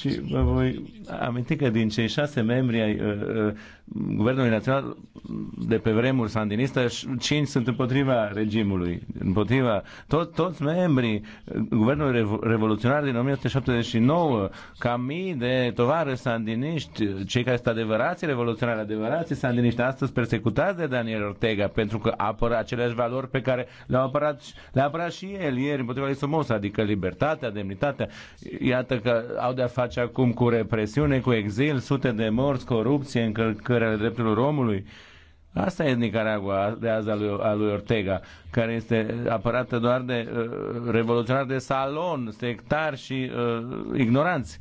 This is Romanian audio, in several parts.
Și vă voi aminti că din cei șase membri ai uh, uh, Guvernului Național de pe vremuri sandinistă, cinci sunt împotriva regimului, împotriva tot, toți membrii uh, Guvernului Revo- Revoluționar din 1979, ca mii de tovară sandiniști, cei care sunt adevărați revoluționari, adevărați sandiniști, astăzi persecutați de Daniel Ortega pentru că apără aceleași valori pe care le-a apărat, le-a apărat și el ieri împotriva lui Somos, adică libertatea, demnitatea. Iată că au de-a face face acum cu represiune, cu exil, sute de morți, corupție, încălcări ale drepturilor omului. Asta e Nicaragua de azi a lui, a lui Ortega, care este apărată doar de uh, revoluționari de salon, sectari și uh, ignoranți.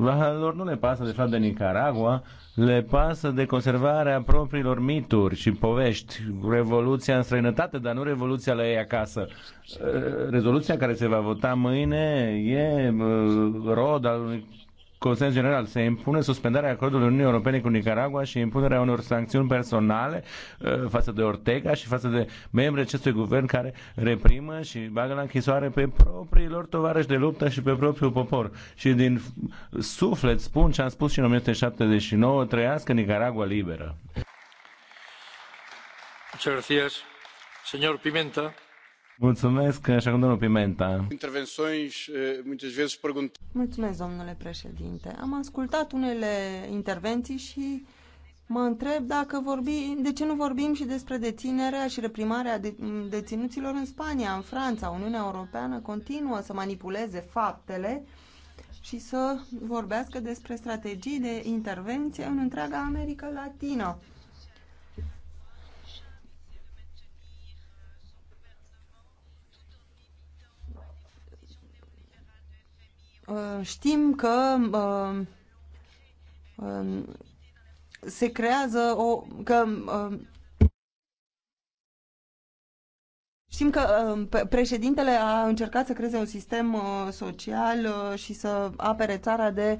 La lor nu le pasă de fapt de Nicaragua, le pasă de conservarea propriilor mituri și povești, revoluția în străinătate, dar nu revoluția la ei acasă. Uh, rezoluția care se va vota mâine e uh, rod al unui consens general. Se impune suspendarea acordului Uniunii Europene cu Nicaragua și impunerea unor sancțiuni personale uh, față de Ortega și față de membrii acestui guvern care reprimă și bagă la închisoare pe lor tovarăși de luptă și pe propriul popor. Și din suflet spun ce am spus și în 1979, trăiască Nicaragua liberă. Muchas gracias. Señor Pimenta. Mulțumesc, așa cum domnul Pimenta. Eh, Mulțumesc, domnule președinte. Am ascultat unele intervenții și mă întreb dacă vorbi, de ce nu vorbim și despre deținerea și reprimarea de, deținuților în Spania, în Franța. Uniunea Europeană continuă să manipuleze faptele și să vorbească despre strategii de intervenție în întreaga America Latină Uh, știm că uh, um, se creează o... că uh, Știm că președintele a încercat să creeze un sistem social și să apere țara de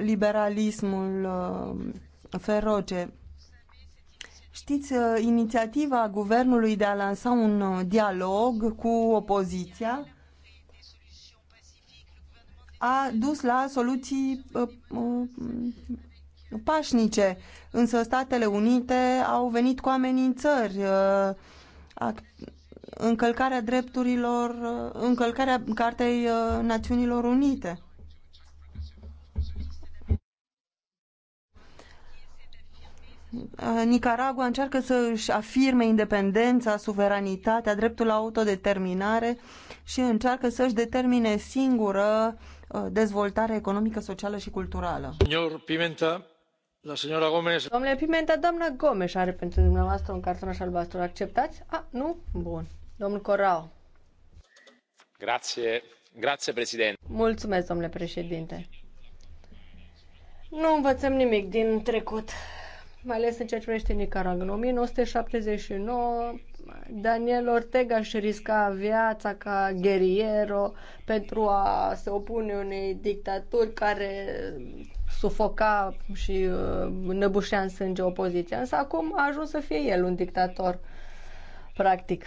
liberalismul feroce. Știți, inițiativa guvernului de a lansa un dialog cu opoziția a dus la soluții uh, uh, pașnice, însă Statele Unite au venit cu amenințări, uh, încălcarea drepturilor, încălcarea Cartei Națiunilor Unite. Nicaragua încearcă să își afirme independența, suveranitatea, dreptul la autodeterminare și încearcă să își determine singură Uh, dezvoltare economică, socială și culturală. Pimenta, Domnule Pimenta, doamna Gomes are pentru dumneavoastră un cartonaș albastru. Acceptați? A, nu? Bun. Domnul Corrao. Grazie, grazie, președinte. Mulțumesc, domnule președinte. Nu învățăm nimic din trecut, mai ales în ceea ce privește Nicaragua. În 1979 Daniel Ortega își risca viața ca gheriero pentru a se opune unei dictaturi care sufoca și uh, năbușea în sânge opoziția. Însă acum a ajuns să fie el un dictator, practic.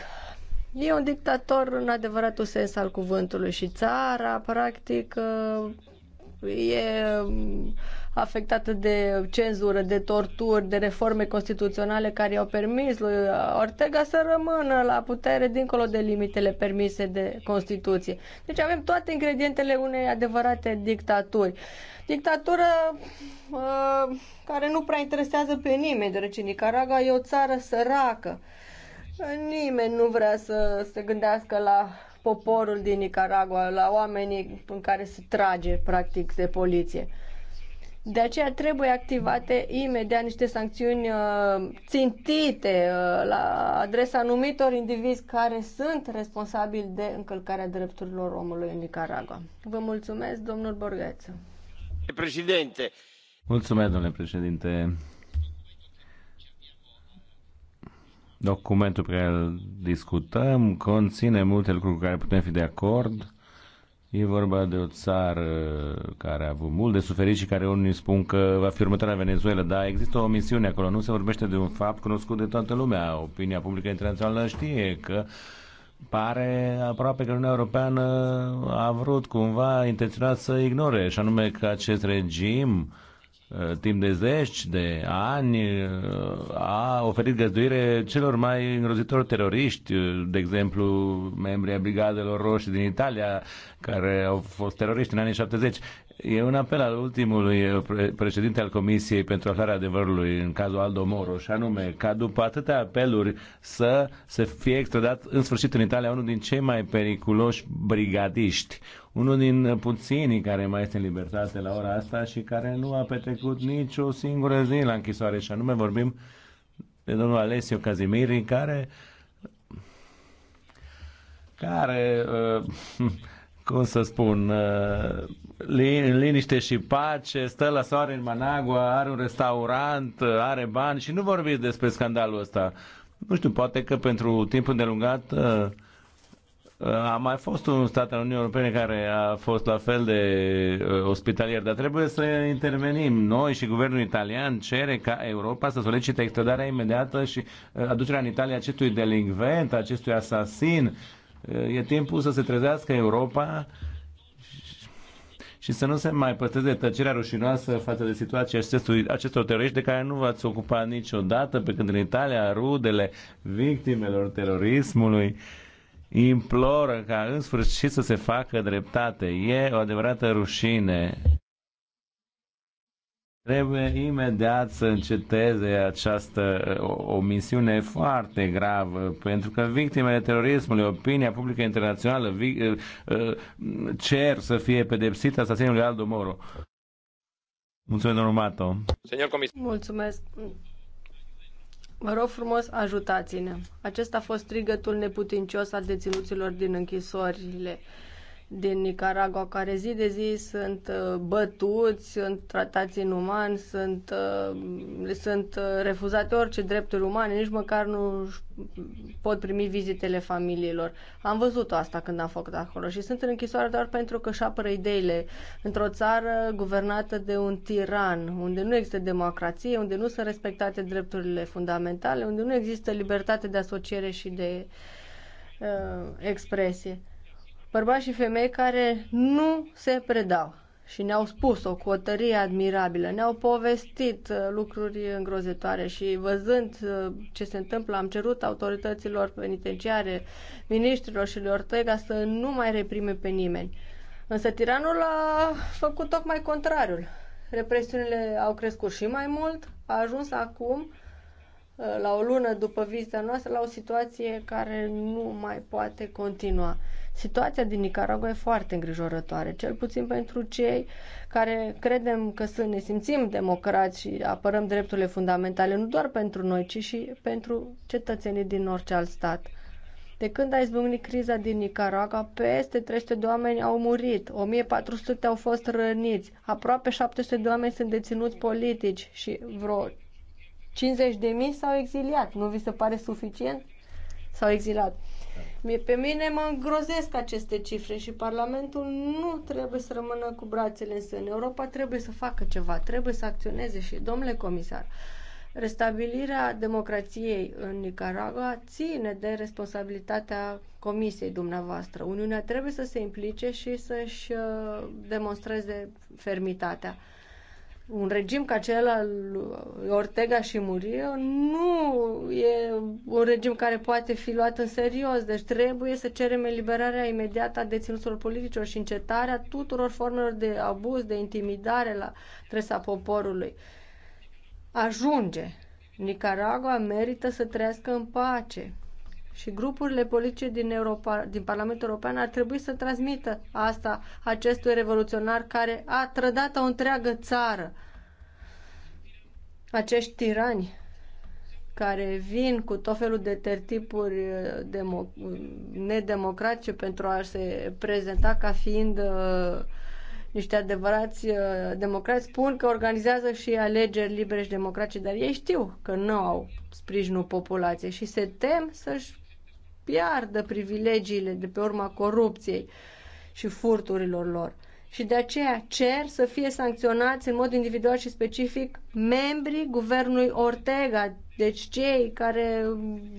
E un dictator în adevăratul sens al cuvântului și țara, practic, uh, e afectată de cenzură, de torturi, de reforme constituționale care i-au permis lui Ortega să rămână la putere dincolo de limitele permise de Constituție. Deci avem toate ingredientele unei adevărate dictaturi. Dictatură uh, care nu prea interesează pe nimeni, deoarece Nicaragua e o țară săracă. Nimeni nu vrea să se gândească la poporul din Nicaragua, la oamenii în care se trage, practic, de poliție. De aceea trebuie activate imediat niște sancțiuni uh, țintite uh, la adresa anumitor indivizi care sunt responsabili de încălcarea drepturilor omului în Nicaragua. Vă mulțumesc, domnul Borgheță. Președinte. Mulțumesc, domnule președinte. Documentul pe care îl discutăm conține multe lucruri cu care putem fi de acord E vorba de o țară care a avut mult de suferit și care unii spun că va fi următoarea Venezuela, dar există o misiune acolo. Nu se vorbește de un fapt cunoscut de toată lumea. Opinia publică internațională știe că pare aproape că Uniunea Europeană a vrut cumva intenționat să ignore, și anume că acest regim uh, Uh, timp de zeci de ani uh, a oferit găzduire celor mai îngrozitori teroriști, uh, de exemplu membrii a Brigadelor Roșii din Italia, care au fost teroriști în anii 70. E un apel al ultimului uh, președinte al Comisiei pentru aflarea adevărului în cazul Aldo Moro, și anume ca după atâtea apeluri să se fie extradat în sfârșit în Italia unul din cei mai periculoși brigadiști, unul din puținii care mai este în libertate la ora asta și care nu a petrecut nicio singură zi la închisoare, și anume vorbim de domnul Alessio Casimiri, care care uh, cum să spun, uh, în liniște și pace, stă la soare în Managua, are un restaurant, uh, are bani și nu vorbiți despre scandalul ăsta. Nu știu, poate că pentru timp îndelungat uh, a mai fost un stat al Uniunii Europene care a fost la fel de ospitalier, dar trebuie să intervenim. Noi și guvernul italian cere ca Europa să solicite extradarea imediată și aducerea în Italia acestui delinvent, acestui asasin E timpul să se trezească Europa și să nu se mai păstreze tăcerea rușinoasă față de situația acestui, acestor teroriști de care nu v-ați ocupat niciodată, pe când în Italia rudele victimelor terorismului imploră ca în sfârșit să se facă dreptate. E o adevărată rușine. Trebuie imediat să înceteze această o, o misiune foarte gravă, pentru că victimele terorismului, opinia publică internațională vi, uh, uh, cer să fie pedepsită asasinului Aldo Moro. Mulțumesc, domnul Mato. Mulțumesc. Vă rog frumos, ajutați-ne. Acesta a fost strigătul neputincios al deținuților din închisorile din Nicaragua care zi de zi sunt uh, bătuți, sunt tratați inuman, sunt, uh, sunt uh, refuzate orice drepturi umane, nici măcar nu pot primi vizitele familiilor. Am văzut asta când am făcut acolo și sunt în închisoare doar pentru că își apără ideile într-o țară guvernată de un tiran, unde nu există democrație, unde nu sunt respectate drepturile fundamentale, unde nu există libertate de asociere și de uh, expresie bărbați și femei care nu se predau și ne-au spus o cotărie admirabilă, ne-au povestit uh, lucruri îngrozitoare și văzând uh, ce se întâmplă, am cerut autorităților penitenciare, ministrilor și lor tăiga să nu mai reprime pe nimeni. Însă tiranul a făcut tocmai contrariul. Represiunile au crescut și mai mult, a ajuns acum uh, la o lună după vizita noastră, la o situație care nu mai poate continua. Situația din Nicaragua e foarte îngrijorătoare, cel puțin pentru cei care credem că sunt, ne simțim democrați și apărăm drepturile fundamentale, nu doar pentru noi, ci și pentru cetățenii din orice alt stat. De când a izbucnit criza din Nicaragua, peste 300 de oameni au murit, 1400 au fost răniți, aproape 700 de oameni sunt deținuți politici și vreo 50 de mii s-au exiliat. Nu vi se pare suficient? S-au exilat. Mie, pe mine mă îngrozesc aceste cifre și Parlamentul nu trebuie să rămână cu brațele în sân. Europa trebuie să facă ceva, trebuie să acționeze și, domnule comisar, restabilirea democrației în Nicaragua ține de responsabilitatea comisiei dumneavoastră. Uniunea trebuie să se implice și să-și uh, demonstreze fermitatea un regim ca cel al Ortega și Murillo nu e un regim care poate fi luat în serios. Deci trebuie să cerem eliberarea imediată a deținuților politicilor și încetarea tuturor formelor de abuz, de intimidare la tresa poporului. Ajunge. Nicaragua merită să trăiască în pace. Și grupurile politice din, Europa, din Parlamentul European ar trebui să transmită asta acestui revoluționar care a trădat o întreagă țară. Acești tirani care vin cu tot felul de tertipuri uh, demo- nedemocratice pentru a se prezenta ca fiind uh, niște adevărați uh, democrați, spun că organizează și alegeri libere și democratice, dar ei știu că nu au sprijinul populației și se tem să-și piardă privilegiile de pe urma corupției și furturilor lor. Și de aceea cer să fie sancționați în mod individual și specific membrii guvernului Ortega, deci cei care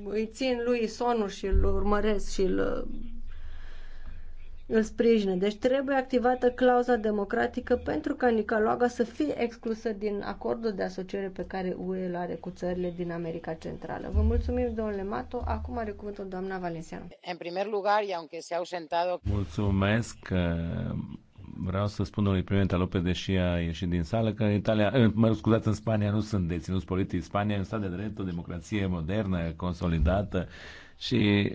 îi țin lui sonul și îl urmăresc și îl îl sprijine. Deci trebuie activată clauza democratică pentru ca Nicaragua să fie exclusă din acordul de asociere pe care UE îl are cu țările din America Centrală. Vă mulțumim, domnule Mato. Acum are cuvântul doamna Valenciano. În primul lugar, și aunque se ausentado... Mulțumesc vreau să spun domnului Pimenta Lopez, deși a ieșit din sală, că în Italia, mă scuzați, în Spania nu sunt deținuți politici. Spania e un stat de drept, o democrație modernă, consolidată și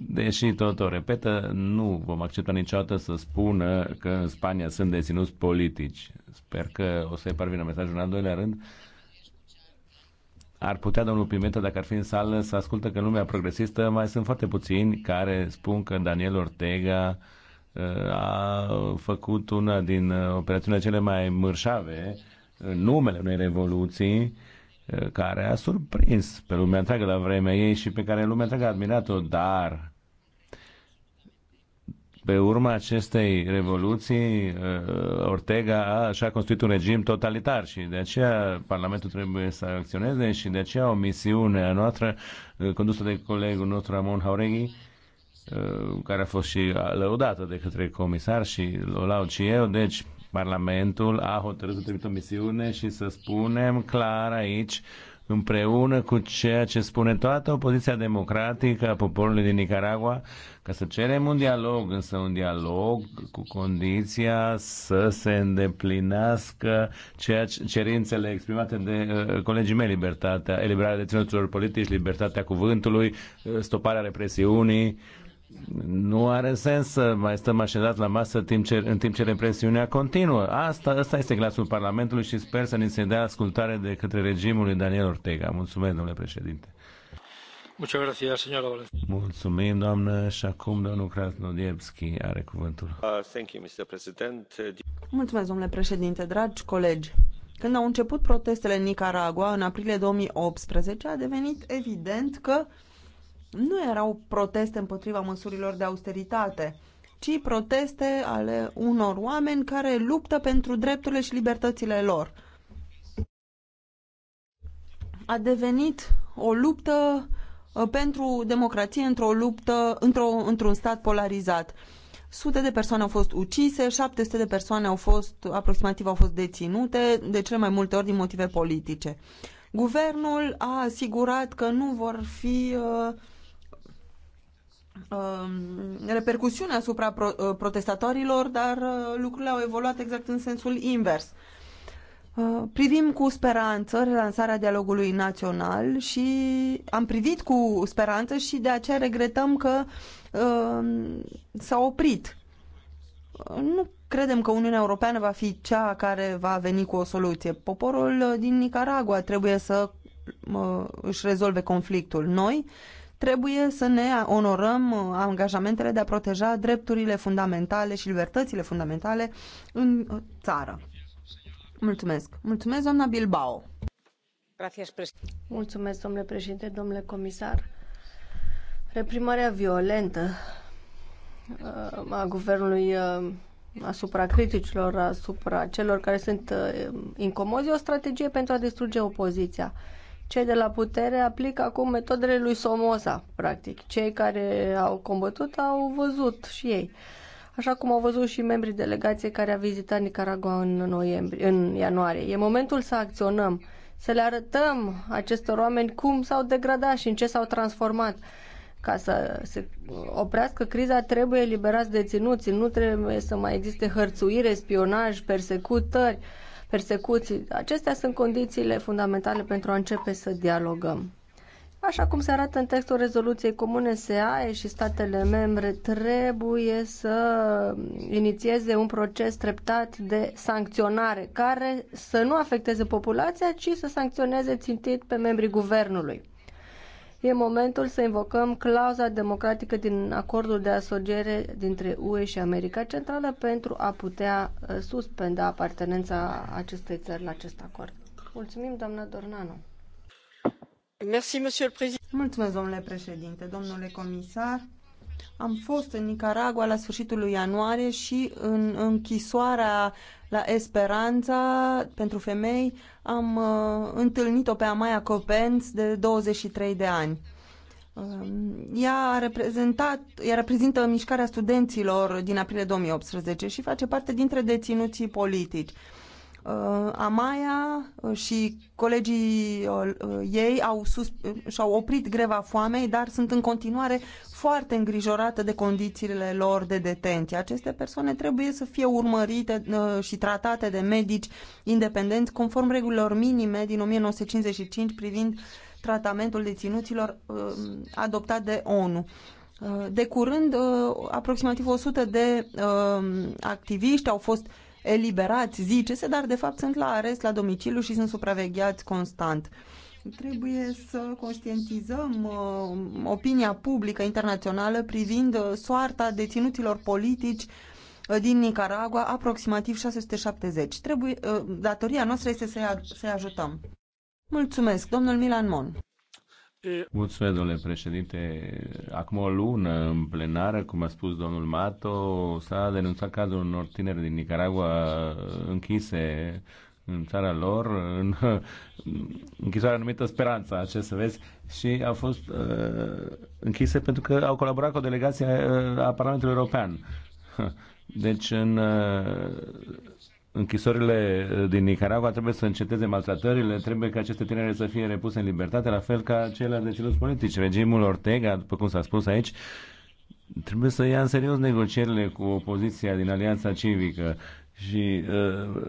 Deși tot o repetă, nu vom accepta niciodată să spună că în Spania sunt deținuți politici. Sper că o să-i parvină mesajul în al doilea rând. Ar putea domnul Pimenta, dacă ar fi în sală, să ascultă că lumea progresistă mai sunt foarte puțini care spun că Daniel Ortega uh, a făcut una din uh, operațiunile cele mai mărșave în uh, numele unei revoluții Eh, care a surprins pe lumea întreagă la vremea ei și pe care lumea întreagă a admirat-o, dar pe urma acestei revoluții, eh, Ortega a, și-a construit un regim totalitar și de aceea Parlamentul trebuie să acționeze și de aceea o misiune a noastră, eh, condusă de colegul nostru Ramon Haureghi, care a fost și lăudată de către comisar și o laud și eu, deci Parlamentul a hotărât să trimită o misiune și să spunem clar aici împreună cu ceea ce spune toată opoziția democratică a poporului din Nicaragua, ca să cerem un dialog, însă un dialog cu condiția să se îndeplinească ceea ce, cerințele exprimate de uh, colegii mei, libertatea, eliberarea deținuților politici, libertatea cuvântului, uh, stoparea represiunii, uh, nu are sens să mai stăm așezat la masă timp ce, în timp ce represiunea continuă. Asta, asta este glasul Parlamentului și sper să ni se dea ascultare de către regimul lui Daniel Ortega. Mulțumesc, domnule președinte. Mulțumim, doamnă. Și acum domnul Krasnodiebski are cuvântul. Uh, uh, Mulțumesc, domnule președinte, dragi colegi. Când au început protestele în Nicaragua în aprilie 2018, a devenit evident că nu erau proteste împotriva măsurilor de austeritate, ci proteste ale unor oameni care luptă pentru drepturile și libertățile lor. A devenit o luptă uh, pentru democrație într-o luptă, într-o, într-un stat polarizat. Sute de persoane au fost ucise, 700 de persoane au fost, aproximativ au fost deținute, de cele mai multe ori din motive politice. Guvernul a asigurat că nu vor fi uh, Um, repercusiune asupra uh, protestatorilor, dar uh, lucrurile au evoluat exact în sensul invers. Uh, privim cu speranță relansarea dialogului național și am privit cu speranță și de aceea regretăm că uh, s-a oprit. Nu credem că Uniunea Europeană va fi cea care va veni cu o soluție. Poporul din Nicaragua trebuie să uh, își rezolve conflictul. Noi trebuie să ne onorăm uh, angajamentele de a proteja drepturile fundamentale și libertățile fundamentale în uh, țară. Mulțumesc. Mulțumesc, doamna Bilbao. Mulțumesc, domnule președinte, domnule comisar. Reprimarea violentă uh, a guvernului asupra criticilor, asupra celor care sunt incomozi, o strategie pentru a distruge opoziția cei de la putere aplică acum metodele lui Somoza, practic. Cei care au combătut au văzut și ei. Așa cum au văzut și membrii delegației care a vizitat Nicaragua în, noiembrie, în ianuarie. E momentul să acționăm, să le arătăm acestor oameni cum s-au degradat și în ce s-au transformat. Ca să se oprească criza, trebuie eliberați deținuții, nu trebuie să mai existe hărțuire, spionaj, persecutări. Uh, persecuții. Acestea sunt condițiile fundamentale pentru a începe să dialogăm. Așa cum se arată în textul rezoluției comune, SEAE și statele membre trebuie să inițieze un proces treptat de sancționare care să nu afecteze populația, ci să sancționeze țintit pe membrii guvernului. E momentul să invocăm clauza democratică din acordul de asociere dintre UE și America Centrală pentru a putea uh, suspenda apartenența acestei țări la acest acord. Mulțumim, doamna Dornanu. Mulțumesc, domnule președinte, domnule comisar. Am fost în Nicaragua la sfârșitul lui ianuarie și în închisoarea la Esperanța pentru femei am uh, întâlnit-o pe Amaya Copens de 23 de ani. Uh, ea, a reprezentat, ea reprezintă mișcarea studenților din aprilie 2018 și face parte dintre deținuții politici. Uh, Amaya uh, și colegii uh, ei au sus, uh, și-au oprit greva foamei, dar sunt în continuare foarte îngrijorată de condițiile lor de detenție. Aceste persoane trebuie să fie urmărite uh, și tratate de medici independenți conform regulilor minime din 1955 privind tratamentul deținuților uh, adoptat de ONU. Uh, de curând, aproximativ 100 de activiști au fost eliberați, zice-se, dar de fapt sunt la arest la domiciliu și sunt supravegheați constant. Trebuie să conștientizăm uh, opinia publică internațională privind uh, soarta deținuților politici uh, din Nicaragua, aproximativ 670. Trebuie, datoria noastră este să-i, să ajutăm. Mulțumesc, domnul Milan Mon. Mulțumesc, domnule președinte. Acum o lună, în plenară, cum a spus domnul Mato, s-a denunțat cazul unor tineri din Nicaragua închise în țara lor, în închisoarea numită Speranța, ce să vezi, și au fost uh, închise pentru că au colaborat cu o delegație uh, a Parlamentului European. Deci în uh, închisorile din Nicaragua trebuie să înceteze maltratările, trebuie ca aceste tinere să fie repuse în libertate, la fel ca cele deținuți politici. Regimul Ortega, după cum s-a spus aici, trebuie să ia în serios negocierile cu opoziția din Alianța Civică și uh,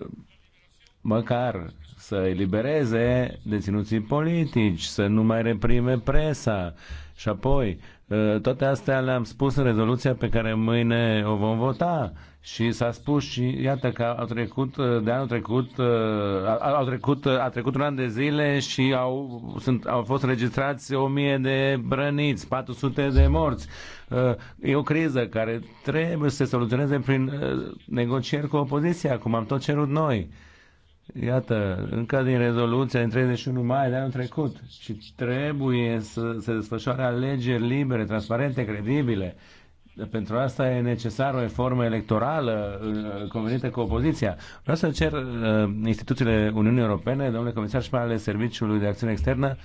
măcar să elibereze deținuții politici, să nu mai reprime presa. Și apoi, ă, toate astea le-am spus în rezoluția pe care mâine o vom vota. Și s-a spus și, iată că au trecut, ă, de anul trecut, ă, a trecut, a trecut un an de zile și au, sunt, au fost registrați 1000 de brăniți, 400 de morți. E o criză care trebuie să se soluționeze prin negocieri cu opoziția, cum am tot cerut noi. Iată, încă din rezoluția din 31 mai de anul trecut și trebuie să se desfășoare alegeri libere, transparente, credibile. Pentru asta e necesară o reformă electorală convenită cu opoziția. Vreau să cer uh, instituțiile Uniunii Europene, domnule comisar și mai ales Serviciului de Acțiune Externă,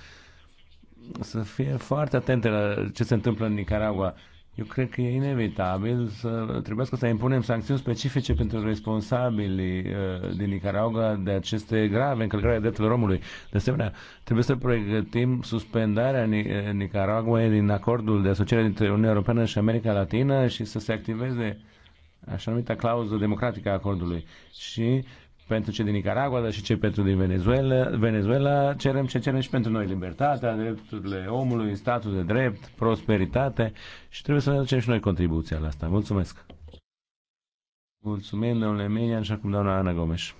să fie foarte atente la ce se întâmplă în Nicaragua. Uh, eu cred că e inevitabil să trebuie să impunem sancțiuni specifice pentru responsabilii uh, din Nicaragua de aceste grave încălcări ale drepturilor omului. De asemenea, trebuie să pregătim suspendarea uh, Nicaraguei din acordul de asociere dintre Uniunea Europeană și America Latină și să se activeze așa numita clauză democratică a acordului. Și pentru cei din Nicaragua, dar și cei pentru din Venezuela. Venezuela cerem ce cerem și pentru noi, libertatea, drepturile omului, statul de drept, prosperitate și trebuie să ne aducem și noi contribuția la asta. Mulțumesc! Mulțumim, domnule Minian, și acum doamna Ana Gomes.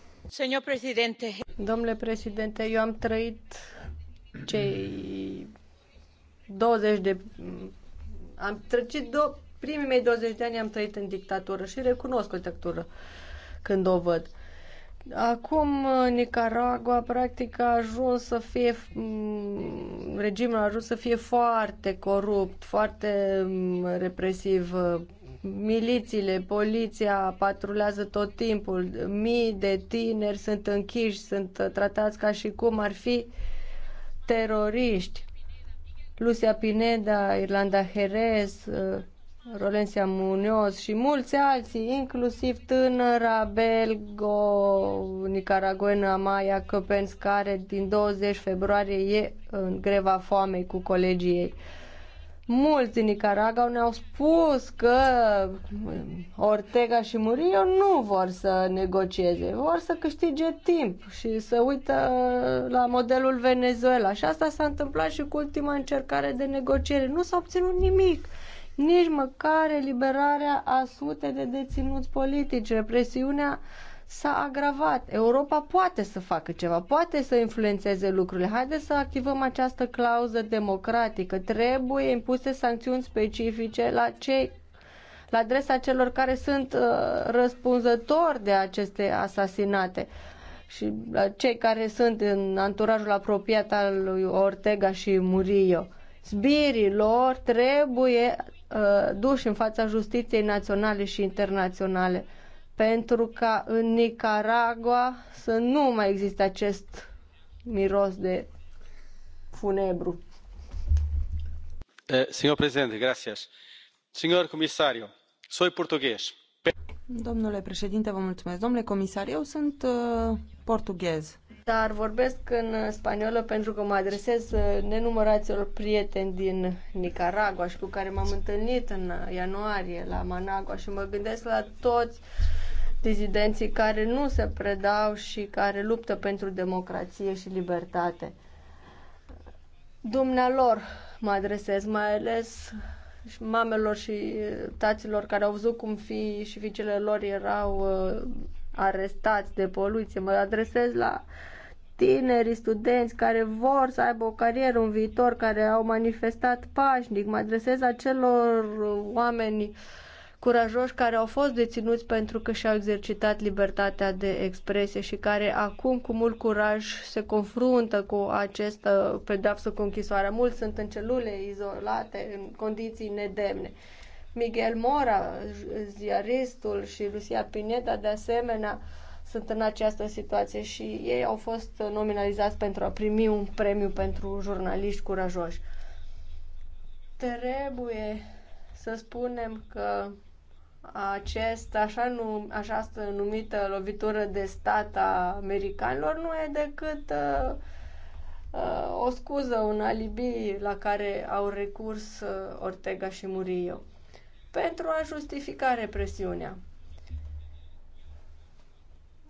Presidente. Domnule președinte, eu am trăit cei 20 de... Am trăit do... primii mei 20 de ani am trăit în dictatură și recunosc o dictatură când o văd. Uh, Acum Nicaragua practic a ajuns să fie regimul a ajuns să fie foarte corupt, foarte represiv. Milițiile, poliția patrulează tot timpul. Mii de tineri sunt închiși, sunt tratați ca și cum ar fi teroriști. Lucia Pineda, Irlanda Jerez, Rolensia Munoz și mulți alții, inclusiv tânăra belgo nicaragoană Amaya Căpens, care din 20 februarie e în greva foamei cu colegii ei. Mulți din Nicaragua ne-au spus că um, Ortega și Murillo nu vor să negocieze, vor să câștige timp și să uită la modelul Venezuela. Și asta s-a întâmplat și cu ultima încercare de negociere. Nu s-a obținut nimic nici măcar eliberarea a sute de deținuți politici. Represiunea s-a agravat. Europa poate să facă ceva, poate să influențeze lucrurile. Haideți să activăm această clauză democratică. Trebuie impuse sancțiuni specifice la cei la adresa celor care sunt uh, răspunzători de aceste asasinate și la cei care sunt în anturajul apropiat al lui Ortega și Murillo. Zbirii lor trebuie Uh, duși în fața justiției naționale și internaționale pentru ca în Nicaragua să nu mai existe acest miros de funebru. Eh, Signor președinte, gracias. Signor comisario, soy portughez. Domnule președinte, vă mulțumesc. Domnule comisar, eu sunt uh, portughez dar vorbesc în spaniolă pentru că mă adresez nenumăraților prieteni din Nicaragua și cu care m-am întâlnit în ianuarie la Managua și mă gândesc la toți dizidenții care nu se predau și care luptă pentru democrație și libertate. Dumnealor mă adresez, mai ales și mamelor și taților care au văzut cum fi și fiicele lor erau uh, arestați de poluție. Mă adresez la uh, tineri, studenți care vor să aibă o carieră, un viitor, care au manifestat pașnic. Mă adresez acelor oameni curajoși care au fost deținuți pentru că și-au exercitat libertatea de expresie și care acum cu mult curaj se confruntă cu această pedeapsă cu închisoarea. Mulți sunt în celule izolate, în condiții nedemne. Miguel Mora, ziaristul și Lucia Pineta, de asemenea, uh, sunt în această situație și ei au fost nominalizați pentru a primi un premiu pentru jurnaliști curajoși. Trebuie să spunem că acest așa num, așa numită lovitură de stat a americanilor nu e decât uh, uh, o scuză, un alibi la care au recurs uh, Ortega și Murillo pentru a justifica represiunea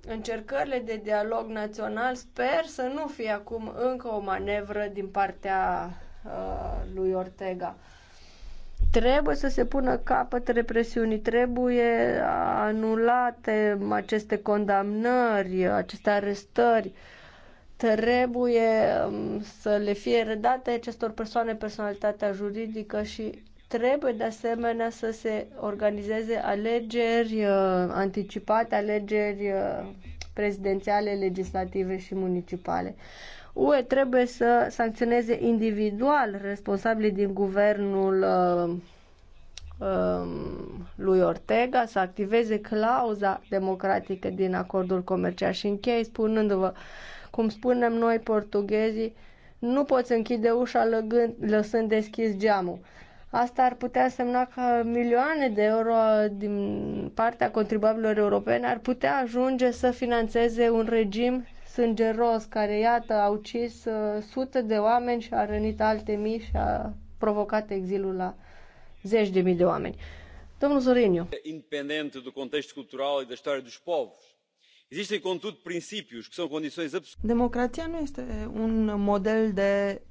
încercările de dialog național sper să nu fie acum încă o manevră din partea uh, lui Ortega. Trebuie să se pună capăt represiunii, trebuie anulate aceste condamnări, aceste arestări, trebuie um, să le fie redate acestor persoane personalitatea juridică și Trebuie de asemenea să se organizeze alegeri uh, anticipate, alegeri uh, prezidențiale, legislative și municipale. UE trebuie să sancționeze individual responsabilii din guvernul uh, um, lui Ortega să activeze clauza democratică din acordul comercial și închei spunându-vă, cum spunem noi portughezii, nu poți închide ușa lăgând, lăsând deschis geamul. Asta ar putea semna că milioane de euro din partea contribuabilor europeni ar putea ajunge să financeze un regim sângeros care, iată, a ucis uh, sute de oameni și a rănit alte mii și a provocat exilul la zeci de mii de oameni. Domnul Zoriniu. Independent de contextul cultural și de da istoria dos povos, Democrația nu este un model de.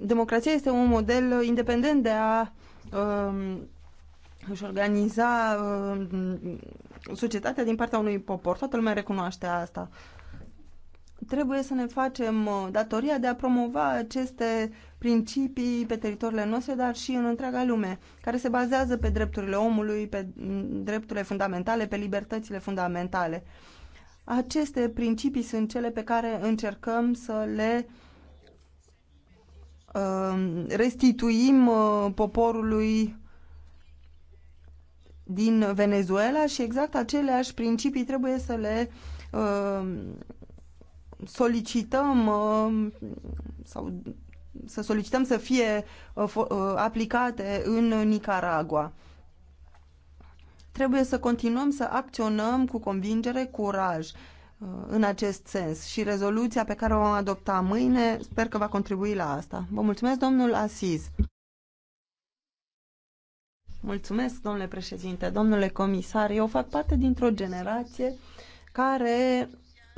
Democrația este un model independent de a um, își organiza um, societatea din partea unui popor. Toată lumea recunoaște asta. Uh, trebuie să ne facem uh, datoria de a promova aceste principii pe teritoriile noastre, dar și în întreaga lume, care se bazează pe drepturile omului, pe mm, drepturile fundamentale, pe libertățile fundamentale. Aceste principii sunt cele pe care încercăm să le um, restituim uh, poporului din Venezuela și exact aceleași principii trebuie să le um, solicităm uh, sau să solicităm să fie uh, uh, aplicate în Nicaragua. Trebuie să continuăm să acționăm cu convingere, curaj în acest sens și rezoluția pe care o vom adopta mâine sper că va contribui la asta. Vă mulțumesc, domnul Asiz. Mulțumesc, domnule președinte, domnule comisar. Eu fac parte dintr-o generație care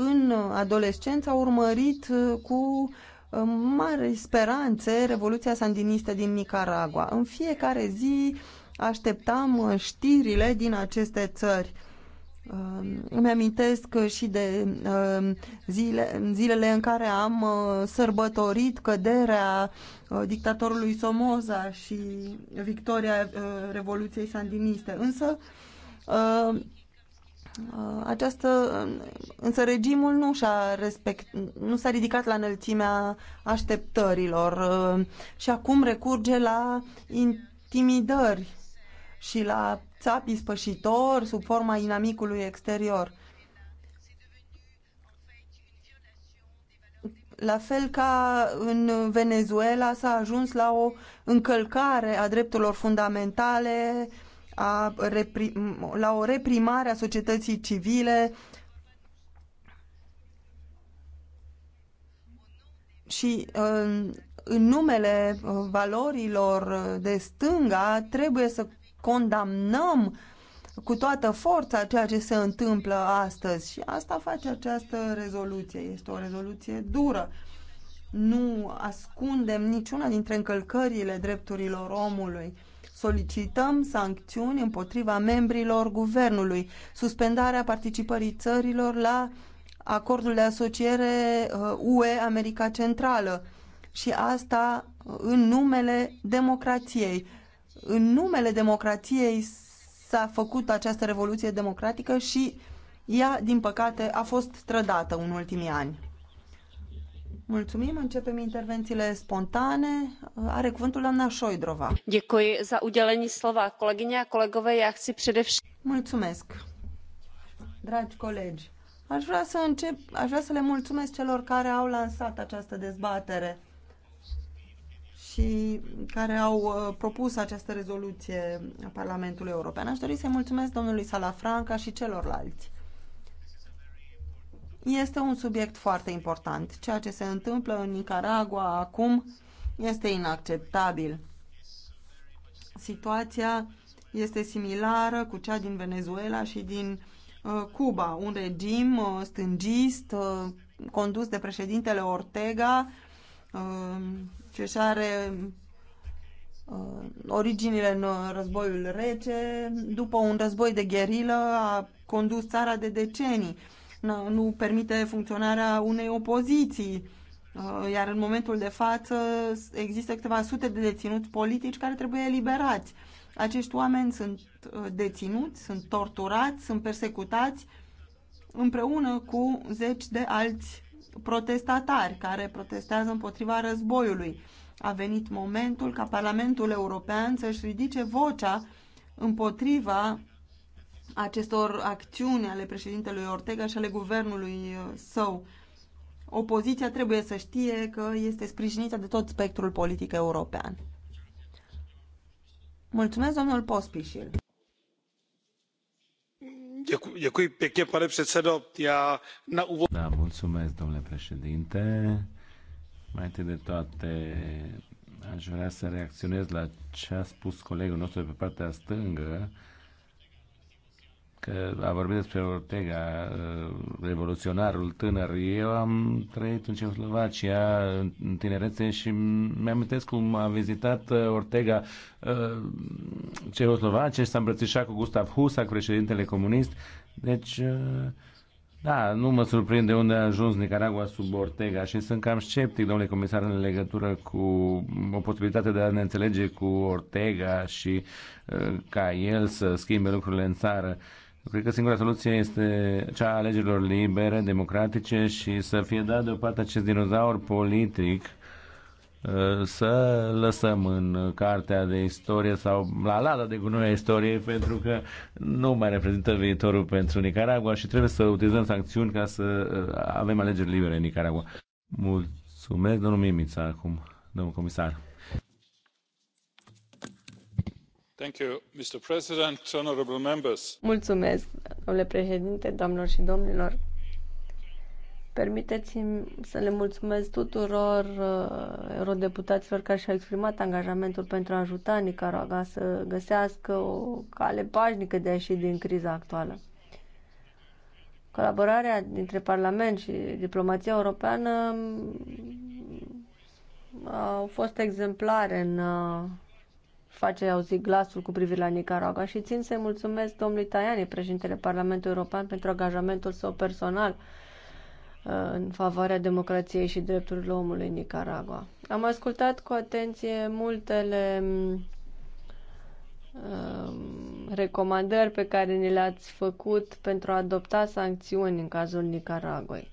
în adolescență au urmărit uh, cu uh, mari speranțe Revoluția Sandinistă din Nicaragua. În fiecare zi așteptam uh, știrile din aceste țări. Îmi amintesc și de zile, zilele în care am sărbătorit căderea dictatorului Somoza și victoria Revoluției Sandiniste. Însă Uh, această, uh, însă regimul nu, a respect, nu s-a ridicat la înălțimea așteptărilor uh, și acum recurge la intimidări și la țapi spășitori sub forma inamicului exterior. La fel ca în Venezuela s-a ajuns la o încălcare a drepturilor fundamentale a reprim, la o reprimare a societății civile și uh, în numele uh, valorilor uh, de stânga trebuie să condamnăm cu toată forța ceea ce se întâmplă astăzi și asta face această rezoluție. Este o rezoluție dură. Nu ascundem niciuna dintre încălcările drepturilor omului solicităm sancțiuni împotriva membrilor guvernului, suspendarea participării țărilor la acordul de asociere UE-America uh, Centrală și asta uh, în numele democrației. În numele democrației s-a făcut această revoluție democratică și ea, din păcate, a fost trădată în ultimii ani. Mulțumim, începem intervențiile spontane. Are cuvântul doamna Șoidrova. Děkuji za udělení slova. Kolegyně a kolegové, já chci především... Mulțumesc. Dragi colegi, aș vrea să încep, aș vrea să le mulțumesc celor care au lansat această dezbatere și care au uh, propus această rezoluție a Parlamentului European. Aș dori să-i mulțumesc domnului Salafranca și celorlalți. Este un subiect foarte important. Ceea ce se întâmplă în Nicaragua acum este inacceptabil. Situația este similară cu cea din Venezuela și din uh, Cuba, un regim uh, stângist uh, condus de președintele Ortega uh, ce și are uh, originile în uh, războiul rece, după un război de gherilă a condus țara de decenii nu permite funcționarea unei opoziții. Uh, iar în momentul de față există câteva sute de deținuți politici care trebuie eliberați. Acești oameni sunt uh, deținuți, sunt torturați, sunt persecutați împreună cu zeci de alți protestatari care protestează împotriva războiului. A venit momentul ca Parlamentul European să-și ridice vocea împotriva acestor acțiuni ale președintelui Ortega și ale guvernului uh, său. Opoziția trebuie să știe că este sprijinită de tot spectrul politic european. Mulțumesc, domnul Pospișil. Da, mulțumesc, domnule președinte. Mai întâi de toate, aș vrea să reacționez la ce a spus colegul nostru de pe partea stângă, că a vorbit despre Ortega, uh, revoluționarul tânăr. Eu am trăit în Cehoslovacia, în tinerețe și mi-am cum a vizitat uh, Ortega uh, Cehoslovacia și s-a îmbrățișat cu Gustav Husak, președintele comunist. Deci, da, nu mă surprinde unde a ajuns Nicaragua sub Ortega și sunt cam sceptic, domnule comisar, în legătură cu o posibilitate de a ne înțelege cu Ortega și ca el să schimbe lucrurile în țară. Uh, cred că singura soluție este cea a alegerilor libere, democratice și să fie dat deoparte acest dinozaur politic uh, să lăsăm în cartea de istorie sau la lada de gunoi a istoriei pentru că nu mai reprezintă viitorul pentru Nicaragua și trebuie să utilizăm sancțiuni ca să uh, avem alegeri libere în Nicaragua. Mulțumesc, domnul Mimița, acum, domnul comisar. Mulțumesc, domnule președinte, doamnelor și domnilor. Permiteți-mi să le mulțumesc tuturor uh, eurodeputaților care și-au exprimat angajamentul pentru a ajuta Nicaragua să găsească o cale pașnică de a ieși din criza actuală. Colaborarea dintre Parlament și diplomația europeană mm, au fost exemplare în uh, face auzi glasul cu privire la Nicaragua și țin să-i mulțumesc domnului Tajani, președintele Parlamentului European, pentru angajamentul său personal uh, în favoarea democrației și drepturilor omului în Nicaragua. Am ascultat cu atenție multele uh, recomandări pe care ni le-ați făcut pentru a adopta sancțiuni în cazul Nicaraguei.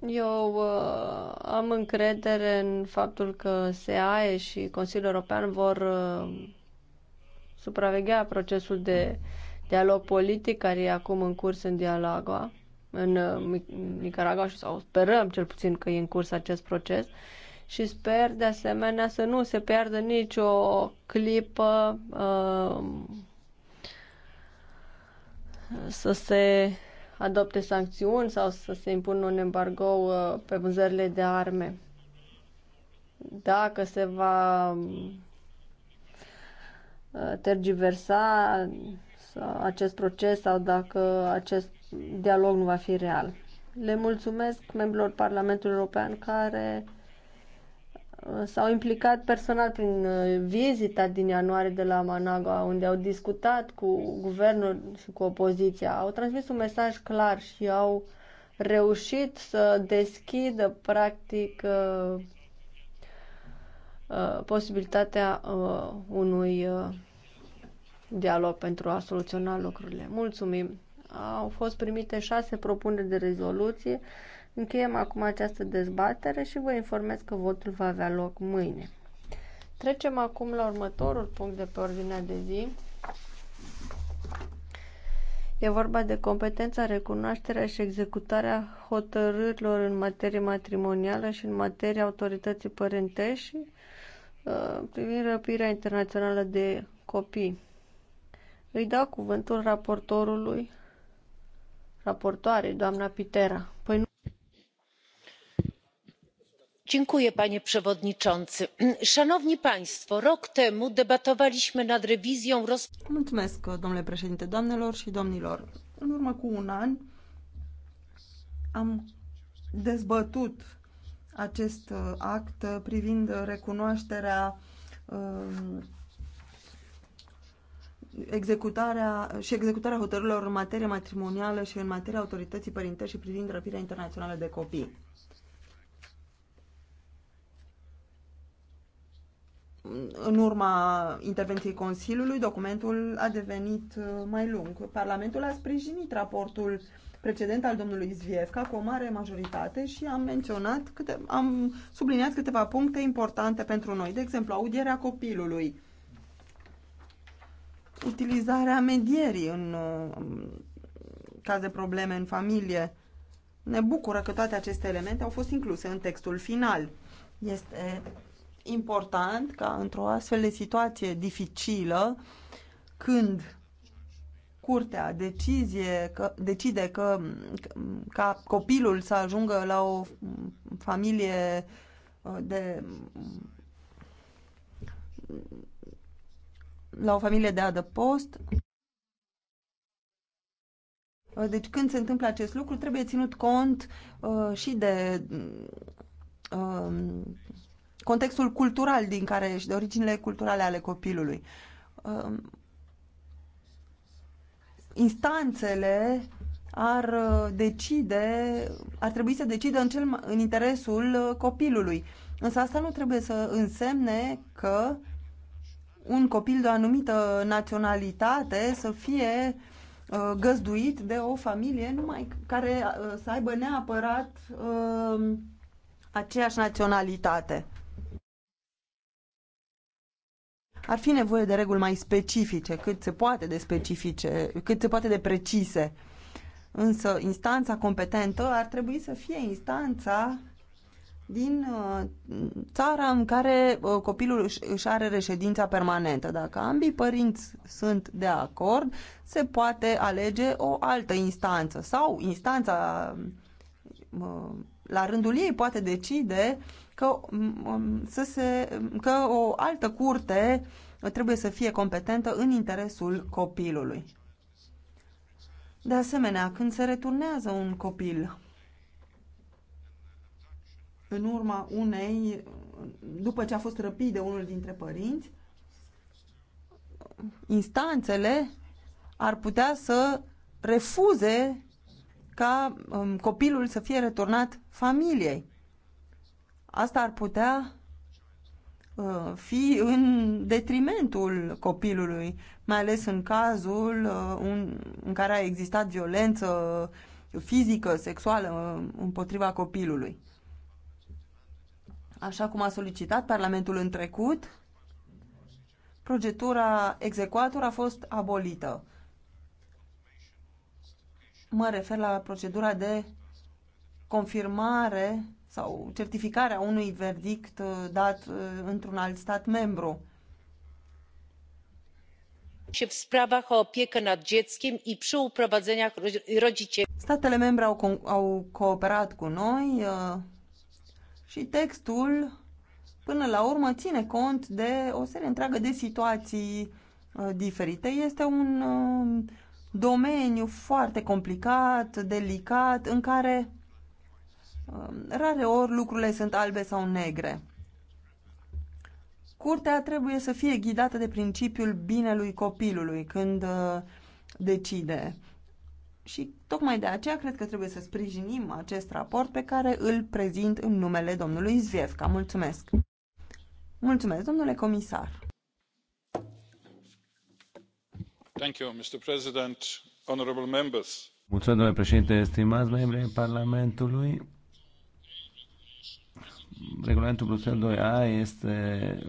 Eu uh, am încredere în faptul că SEAE și Consiliul European vor uh, supraveghea procesul de dialog politic care e acum în curs în Dialagua, în uh, Nicaragua, sau sperăm cel puțin că e în curs acest proces și sper de asemenea să nu se pierdă nicio clipă uh, să se adopte sancțiuni sau să se impună un embargo uh, pe vânzările de arme. Dacă se va um, uh, tergiversa acest proces sau dacă acest dialog nu va fi real. Le mulțumesc membrilor Parlamentului European care Uh, s-au implicat personal prin uh, vizita din ianuarie de la Managua, unde au discutat cu guvernul și cu opoziția. Au transmis un mesaj clar și au reușit să deschidă, practic, uh, posibilitatea unui dialog pentru a soluționa lucrurile. Mulțumim! Au fost primite șase propuneri de rezoluție Încheiem acum această dezbatere și vă informez că votul va avea loc mâine. Trecem acum la următorul punct de pe ordinea de zi. E vorba de competența, recunoașterea și executarea hotărârilor în materie matrimonială și în materie autorității părintești uh, privind răpirea internațională de copii. Îi dau cuvântul raportorului, raportoarei, doamna Pitera. Păi nu panie przewodniczący! rok temu debatowaliśmy nad rewizją. domnule președinte doamnelor și în am acest uh, act privind recunoașterea um, executarea și executarea hotărârilor în materie matrimonială și în materie autorității părintești și privind răpirea internațională de copii. în urma intervenției Consiliului, documentul a devenit uh, mai lung. Parlamentul a sprijinit raportul precedent al domnului Izvievca cu o mare majoritate și am menționat, câte, am subliniat câteva puncte importante pentru noi, de exemplu, audierea copilului, utilizarea medierii în uh, caz de probleme în familie. Ne bucură că toate aceste elemente au fost incluse în textul final. Este important ca într-o astfel de situație dificilă, când curtea decizie că, decide că ca copilul să ajungă la o familie uh, de la o familie de adăpost. Uh, deci când se întâmplă acest lucru, trebuie ținut cont uh, și de uh, contextul cultural din care și de originile culturale ale copilului. Um, instanțele ar uh, decide, ar trebui să decidă în, cel, în interesul uh, copilului. Însă asta nu trebuie să însemne că un copil de o anumită naționalitate să fie uh, găzduit de o familie numai care să aibă neapărat um, aceeași naționalitate. Ar fi nevoie de reguli mai specifice, cât se poate de specifice, cât se poate de precise. Însă instanța competentă ar trebui să fie instanța din uh, țara în care uh, copilul își are reședința permanentă. Dacă ambii părinți sunt de acord, se poate alege o altă instanță sau instanța uh, la rândul ei poate decide că, să se, că o altă curte trebuie să fie competentă în interesul copilului. De asemenea, când se returnează un copil în urma unei, după ce a fost răpit de unul dintre părinți, instanțele ar putea să refuze ca um, copilul să fie returnat familiei. Asta ar putea uh, fi în detrimentul copilului, mai ales în cazul uh, în care a existat violență fizică, sexuală uh, împotriva copilului. Așa cum a solicitat Parlamentul în trecut, progetura execuator a fost abolită. Mă refer la procedura de confirmare sau certificarea unui verdict uh, dat uh, într-un alt stat membru. Statele membre au, au cooperat cu noi uh, și textul până la urmă ține cont de o serie întreagă de situații diferite. Este un um, domeniu foarte complicat, delicat, în care Um, rare ori lucrurile sunt albe sau negre. Curtea trebuie să fie ghidată de principiul binelui copilului când uh, decide. Și tocmai de aceea cred că trebuie să sprijinim acest raport pe care îl prezint în numele domnului Zviefca. Mulțumesc! Mulțumesc, domnule comisar! Thank you, Mr. President, honorable members. Mulțumesc, domnule președinte, stimați membri ai Parlamentului regulamentul Bruxelles 2A este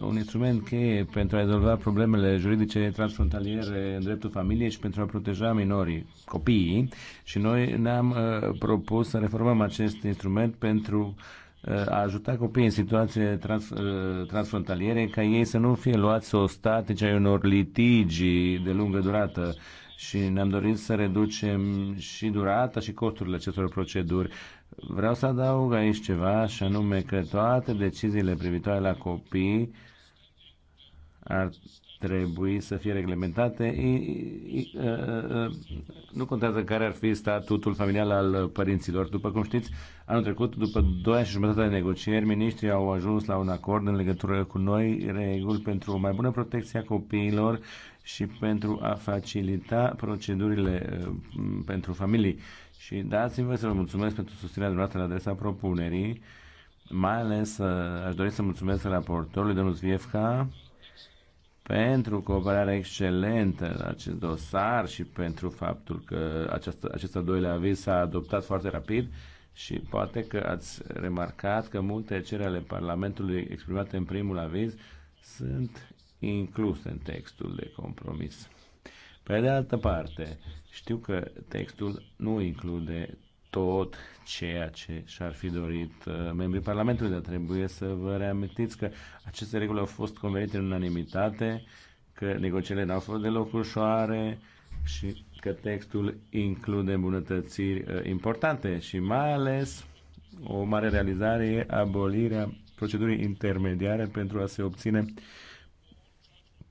un instrument cheie pentru a rezolva problemele juridice transfrontaliere în dreptul familiei și pentru a proteja minorii, copiii. Și noi ne-am uh, propus să reformăm acest instrument pentru uh, a ajuta copiii în situație trans, uh, transfrontaliere ca ei să nu fie luați ostatici ai unor litigi de lungă durată și ne-am dorit să reducem și durata și costurile acestor proceduri. Vreau să adaug aici ceva, și anume că toate deciziile privitoare la copii ar trebui să fie reglementate. I, i, uh, uh, uh, nu contează care ar fi statutul familial al părinților. După cum știți, anul trecut, după 2 și jumătate de negocieri, ministrii au ajuns la un acord în legătură cu noi reguli pentru o mai bună protecție a copiilor și pentru a facilita procedurile uh, pentru familii. Și dați-mi să vă mulțumesc pentru susținerea dumneavoastră la adresa propunerii. Mai ales uh, aș dori să mulțumesc raportorului domnul Zviefka pentru cooperarea excelentă în acest dosar și pentru faptul că această, acest al doilea aviz s-a adoptat foarte rapid și poate că ați remarcat că multe cereri ale Parlamentului exprimate în primul aviz sunt incluse în textul de compromis. Pe de altă parte, știu că textul nu include tot ceea ce și-ar fi dorit uh, membrii Parlamentului, dar trebuie să vă reamintiți că aceste reguli au fost convenite în unanimitate, că negocierile n-au fost deloc ușoare și că textul include îmbunătățiri uh, importante și mai ales o mare realizare e abolirea procedurii intermediare pentru a se obține uh,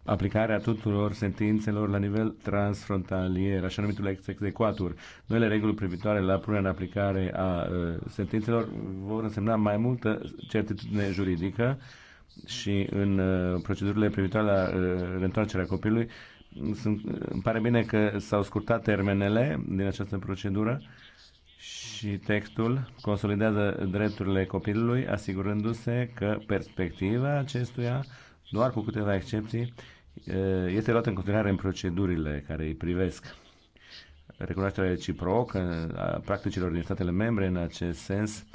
aplicarea tuturor sentințelor la nivel transfrontalier, așa numitul exequatur. Noile reguli privitoare la punerea în aplicare a uh, sentințelor vor însemna mai multă certitudine juridică și în uh, procedurile privitoare la uh, reîntoarcerea copilului. Sunt, îmi pare bine că s-au scurtat termenele din această procedură și textul consolidează drepturile copilului, asigurându-se că perspectiva acestuia, doar cu câteva excepții, Eh, este luat în continuare în procedurile care îi privesc. Recunoașterea reciprocă a practicilor din statele membre în acest sens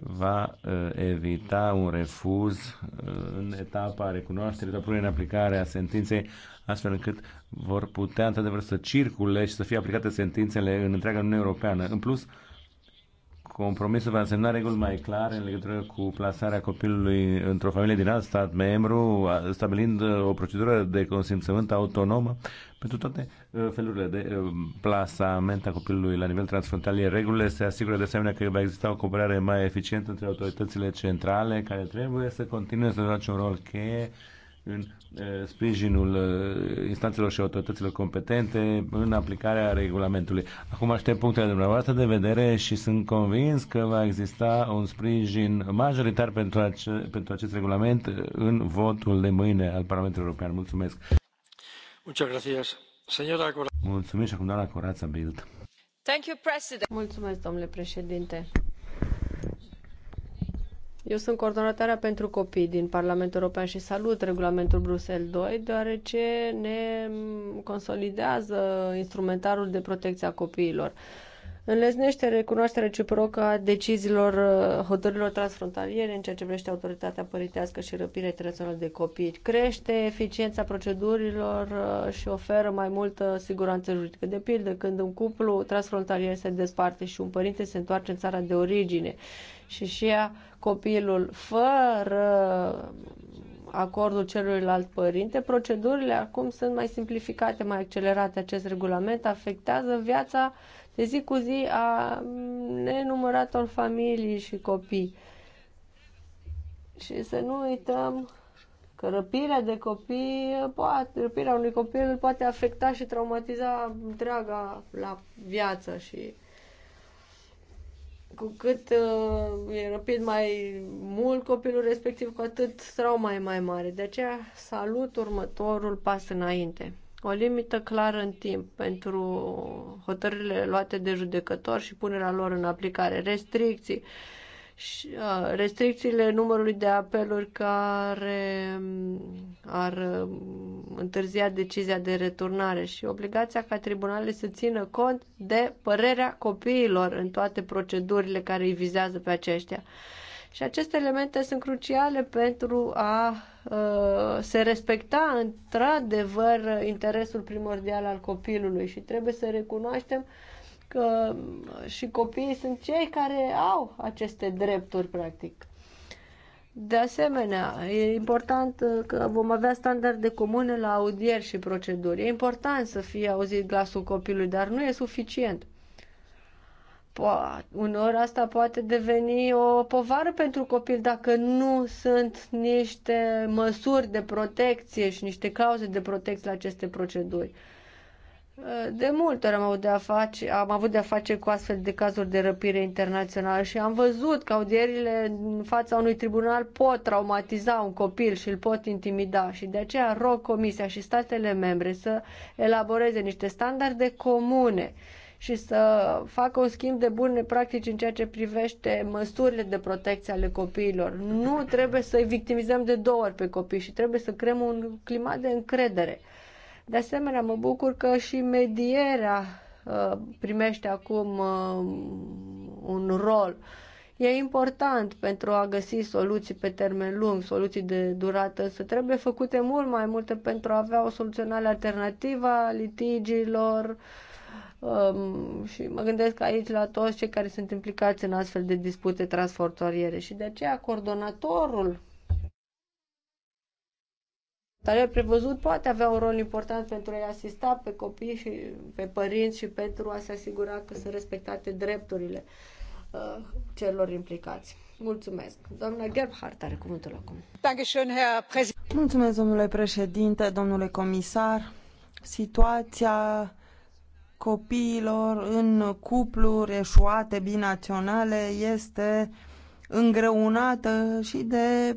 va eh, evita un refuz eh, în etapa recunoașterii, dar pune în aplicare a sentinței, astfel încât vor putea într-adevăr să circule și să fie aplicate sentințele în întreaga Uniune Europeană. În plus, Compromisul va însemna reguli mai clare în legătură cu plasarea copilului într-o familie din alt stat membru, stabilind uh, o procedură de consimțământ autonomă pentru toate uh, felurile de uh, plasament a copilului la nivel transfrontalier. Regulile se asigură de asemenea că va exista o cooperare mai eficientă între autoritățile centrale care trebuie să continue să joace un rol cheie în eh, sprijinul eh, instanțelor și autorităților competente în aplicarea regulamentului. Acum aștept punctele dumneavoastră de vedere și sunt convins că va exista un sprijin majoritar pentru, ace- pentru acest regulament eh, în votul de mâine al Parlamentului European. Mulțumesc! Muchas gracias. Señora Cora... Mulțumesc și acum doamna Corața Bild. Thank you, President. Mulțumesc, domnule președinte. Eu sunt coordonatarea pentru copii din Parlamentul European și salut regulamentul Bruxelles 2, deoarece ne consolidează instrumentarul de protecție a copiilor. Înleznește recunoașterea reciprocă a deciziilor, uh, hotărârilor transfrontaliere în ceea ce privește autoritatea părintească și răpirea internațională de copii. Crește eficiența procedurilor uh, și oferă mai multă siguranță juridică. De pildă, când un cuplu transfrontalier se desparte și un părinte se întoarce în țara de origine și și ea copilul fără acordul celuilalt părinte, procedurile acum sunt mai simplificate, mai accelerate. Acest regulament afectează viața de zi cu zi a nenumăratul familii și copii. Și să nu uităm că răpirea de copii, poate, răpirea unui copil poate afecta și traumatiza întreaga la viață și cu cât uh, e răpit mai mult copilul respectiv, cu atât trauma e mai mare. De aceea salut următorul pas înainte. O limită clară în timp pentru hotărârile luate de judecători și punerea lor în aplicare. Restricții. Uh, și uh, restricțiile numărului de apeluri care um, ar um, întârzia decizia de returnare și obligația ca tribunalele să țină cont de părerea copiilor în toate procedurile care îi vizează pe aceștia. Și aceste elemente sunt cruciale pentru a uh, se respecta într-adevăr interesul primordial al copilului și trebuie să recunoaștem uh, că și copiii sunt cei care au aceste drepturi, practic. De asemenea, e important uh, că vom avea standarde comune la audieri și proceduri. E important să fie auzit glasul copilului, dar nu e suficient. Po- uneori asta poate deveni o povară pentru copil dacă nu sunt niște măsuri de protecție și niște cauze de protecție la aceste proceduri. De multe ori am avut de a face, am avut de a face cu astfel de cazuri de răpire internațională și am văzut că audierile în fața unui tribunal pot traumatiza un copil și îl pot intimida și de aceea rog Comisia și statele membre să elaboreze niște standarde comune și să facă un schimb de bune practici în ceea ce privește măsurile de protecție ale copiilor. Nu trebuie să-i victimizăm de două ori pe copii și trebuie să creăm un climat de încredere. De asemenea, mă bucur că și medierea uh, primește acum uh, un rol. E important pentru a găsi soluții pe termen lung, soluții de durată, să trebuie făcute mult mai multe pentru a avea o soluționare alternativă a litigiilor um, și mă gândesc aici la toți cei care sunt implicați în astfel de dispute transportoriere și de aceea coordonatorul el prevăzut poate avea un rol important pentru a-i asista pe copii și pe părinți și pentru a se asigura că sunt respectate drepturile uh, celor implicați. Mulțumesc. Doamna Gerbhardt are cuvântul acum. Mulțumesc, domnule președinte, domnule comisar. Situația copiilor în cupluri eșuate binaționale este îngreunată și de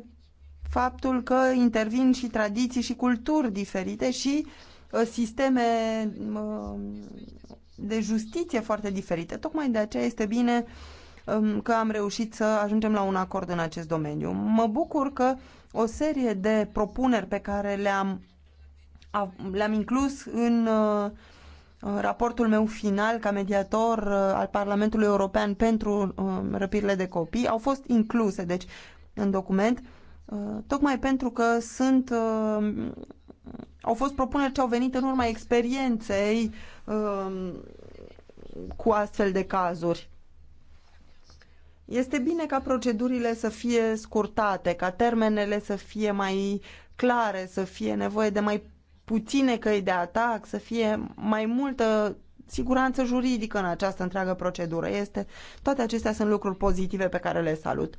faptul că intervin și tradiții și culturi diferite și uh, sisteme uh, de justiție foarte diferite. Tocmai de aceea este bine um, că am reușit să ajungem la un acord în acest domeniu. Mă bucur că o serie de propuneri pe care le-am le-am inclus uh, în raportul meu final ca mediator al Parlamentului European pentru răpirile de copii au fost incluse, deci în document Uh, tocmai pentru că sunt uh, au fost propuneri ce au venit în urma experienței uh, cu astfel de cazuri. Este bine ca procedurile să fie scurtate, ca termenele să fie mai clare, să fie nevoie de mai puține căi de atac, să fie mai multă siguranță juridică în această întreagă procedură. Este, toate acestea sunt lucruri pozitive pe care le salut.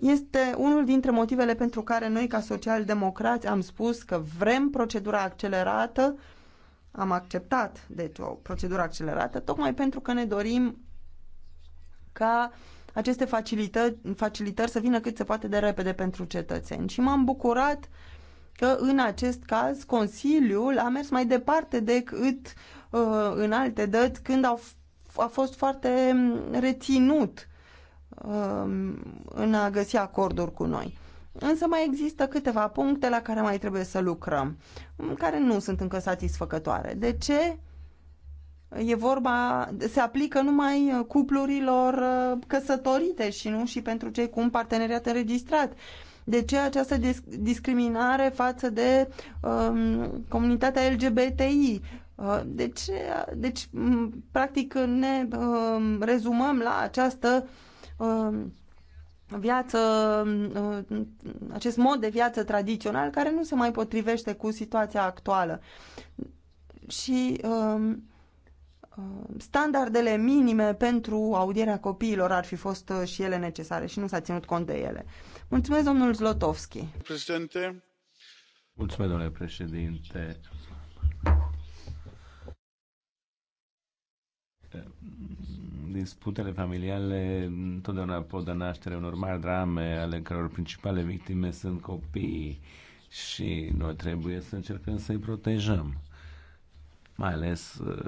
Este unul dintre motivele pentru care noi, ca socialdemocrați, am spus că vrem procedura accelerată, am acceptat, deci, o procedură accelerată, tocmai pentru că ne dorim ca aceste facilită, facilitări să vină cât se poate de repede pentru cetățeni. Și m-am bucurat că în acest caz Consiliul a mers mai departe decât uh, în alte dăți când au, a fost foarte mm, reținut Um, în a găsi acorduri cu noi. Însă mai există câteva puncte la care mai trebuie să lucrăm, um, care nu sunt încă satisfăcătoare. De ce? E vorba, se aplică numai cuplurilor uh, căsătorite și nu și pentru cei cu un parteneriat înregistrat. De ce această discriminare față de um, comunitatea LGBTI? Uh, de ce? Deci, practic, ne um, rezumăm la această uh, Um, viață, um, uh, acest mod de viață tradițional care nu se mai potrivește cu situația actuală. Și um, standardele minime pentru audierea copiilor ar fi fost uh, și ele necesare și nu s-a ținut cont de ele. Mulțumesc, domnul Zlotovski. Președinte. Mulțumesc, domnule președinte disputele familiale întotdeauna pot da naștere unor mari drame ale căror principale victime sunt copiii și noi trebuie să încercăm să-i protejăm mai ales uh,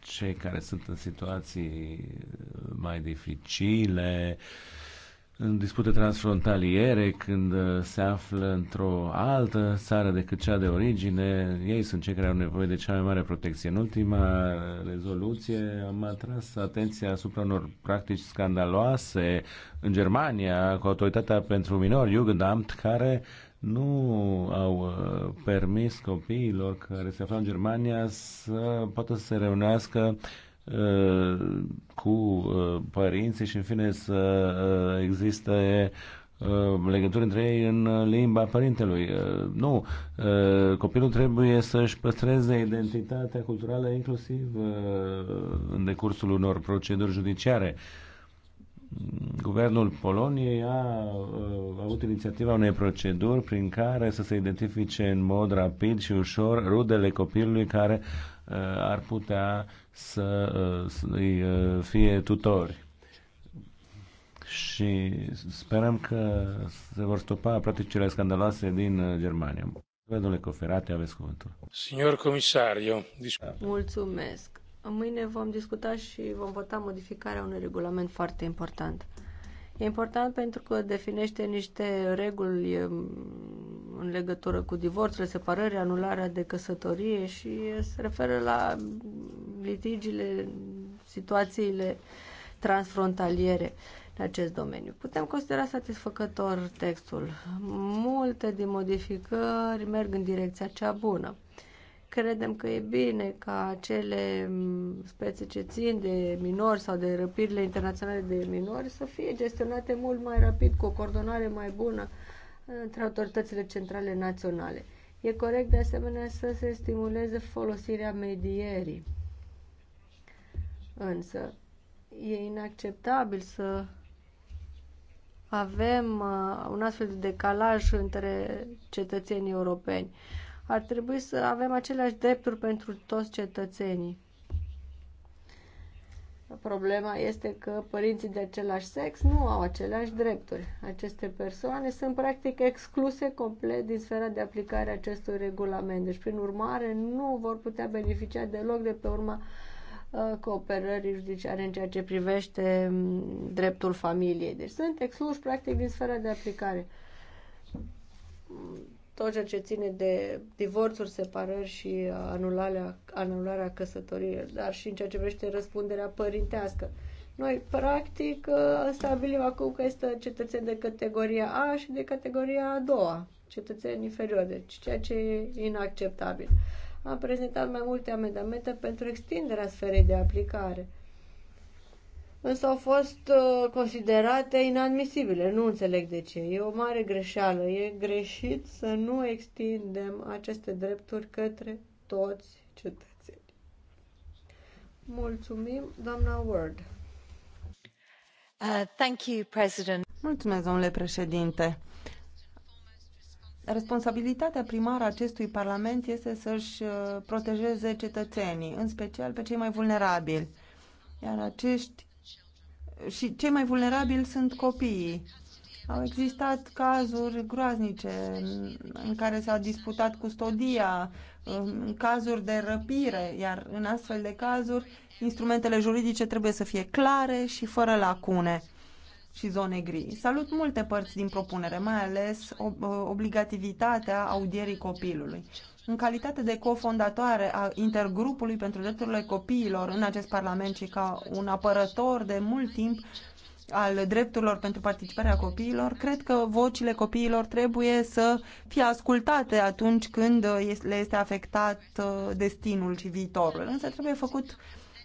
cei care sunt în situații uh, mai dificile, în dispute transfrontaliere, când uh, se află într-o altă țară decât cea de origine, ei sunt cei care au nevoie de cea mai mare protecție. În ultima rezoluție am atras atenția asupra unor practici scandaloase în Germania cu autoritatea pentru minori, Jugendamt, care nu au uh, permis copiilor care se aflau în Germania să poată să se reunească Uh, cu uh, părinții și în fine să uh, existe legături între ei în limba părintelui. Nu, copilul trebuie să-și păstreze identitatea culturală inclusiv în decursul unor proceduri judiciare. Guvernul Poloniei a, a avut inițiativa unei proceduri prin care să se identifice în mod rapid și ușor rudele copilului care Uh, ar putea să, uh, să îi uh, fie tutori. Și sperăm că se vor stopa practicile scandaloase din Germania. Domnule Coferate, aveți cuvântul. Signor comisario, da. Mulțumesc. Mâine vom discuta și vom vota modificarea unui regulament foarte important. E important pentru că definește niște reguli um, în legătură cu divorțurile, separări, anularea de căsătorie și se referă la litigiile, situațiile transfrontaliere în acest domeniu. Putem considera satisfăcător textul. Multe din modificări merg în direcția cea bună. Credem că e bine ca acele spețe ce țin de minori sau de răpirile internaționale de minori să fie gestionate mult mai rapid, cu o coordonare mai bună între autoritățile centrale naționale. E corect de asemenea să se stimuleze folosirea medierii. Însă e inacceptabil să avem uh, un astfel de decalaj între cetățenii europeni. Ar trebui să avem aceleași drepturi pentru toți cetățenii. Problema este că părinții de același sex nu au aceleași drepturi. Aceste persoane sunt practic excluse complet din sfera de aplicare a acestui regulament. Deci, prin urmare, nu vor putea beneficia deloc de pe urma uh, cooperării judiciare în ceea ce privește mm, dreptul familiei. Deci sunt excluși practic din sfera de aplicare tot ceea ce ține de divorțuri, separări și anularea, anularea căsătoriei, dar și în ceea ce privește răspunderea părintească. Noi, practic, stabilim acum că este cetățeni de categoria A și de categoria a doua, cetățeni inferiori, deci ceea ce e inacceptabil. Am prezentat mai multe amendamente pentru extinderea sferei de aplicare – însă au fost uh, considerate inadmisibile. Nu înțeleg de ce. E o mare greșeală. E greșit să nu extindem aceste drepturi către toți cetățenii. Mulțumim, doamna Ward. Uh, thank you, President. Mulțumesc, domnule președinte. Responsabilitatea primară a acestui Parlament este să-și uh, protejeze cetățenii, în special pe cei mai vulnerabili. Iar acești și cei mai vulnerabili sunt copiii. Au existat cazuri groaznice în care s-a disputat custodia, um, cazuri de răpire, iar în astfel de cazuri instrumentele juridice trebuie să fie clare și fără lacune și zone gri. Salut multe părți din propunere, mai ales obligativitatea audierii copilului. În calitate de cofondatoare a intergrupului pentru drepturile copiilor în acest Parlament și ca un apărător de mult timp al drepturilor pentru participarea copiilor, cred că vocile copiilor trebuie să fie ascultate atunci când le este afectat uh, destinul și viitorul. Însă trebuie făcut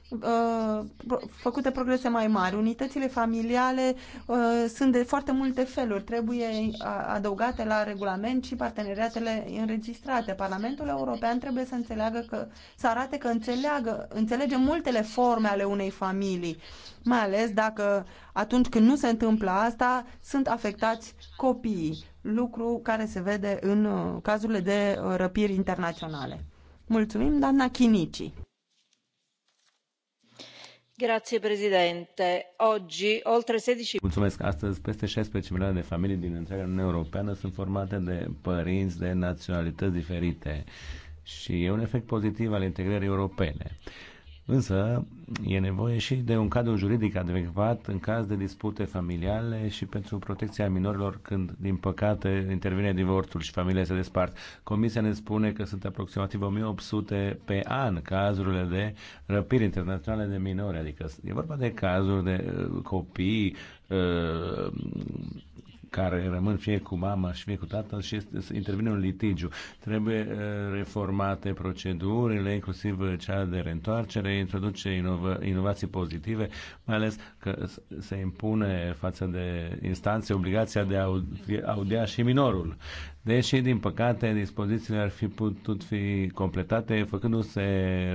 Uh, făcute progrese mai mari. Unitățile familiale uh, sunt de foarte multe feluri. Trebuie uh, adăugate la regulament și parteneriatele înregistrate. Parlamentul European trebuie să înțeleagă că, să arate că înțeleagă, înțelege multele forme ale unei familii, mai ales dacă atunci când nu se întâmplă asta, sunt afectați copiii, lucru care se vede în cazurile de răpiri internaționale. Mulțumim, doamna Chinici. Grazie, președinte. Oggi, oltre 16... Mulțumesc. Astăzi, peste 16 milioane de familii din întreaga Uniune Europeană sunt formate de părinți de naționalități diferite și e un efect pozitiv al integrării europene. Însă, e nevoie și de un cadru juridic adecvat în caz de dispute familiale și pentru protecția minorilor când, din păcate, intervine divorțul și familiile se despart. Comisia ne spune că sunt aproximativ 1800 pe an cazurile de răpiri internaționale de minori, adică e vorba de cazuri de uh, copii uh, care rămân fie cu mama și fie cu tatăl și este, intervine un litigiu. Trebuie uh, reformate procedurile, inclusiv uh, cea de reîntoarcere, introduce inova, inovații pozitive, mai ales că se impune față de instanțe obligația de a audia și minorul deși, din păcate, dispozițiile ar fi putut fi completate făcându-se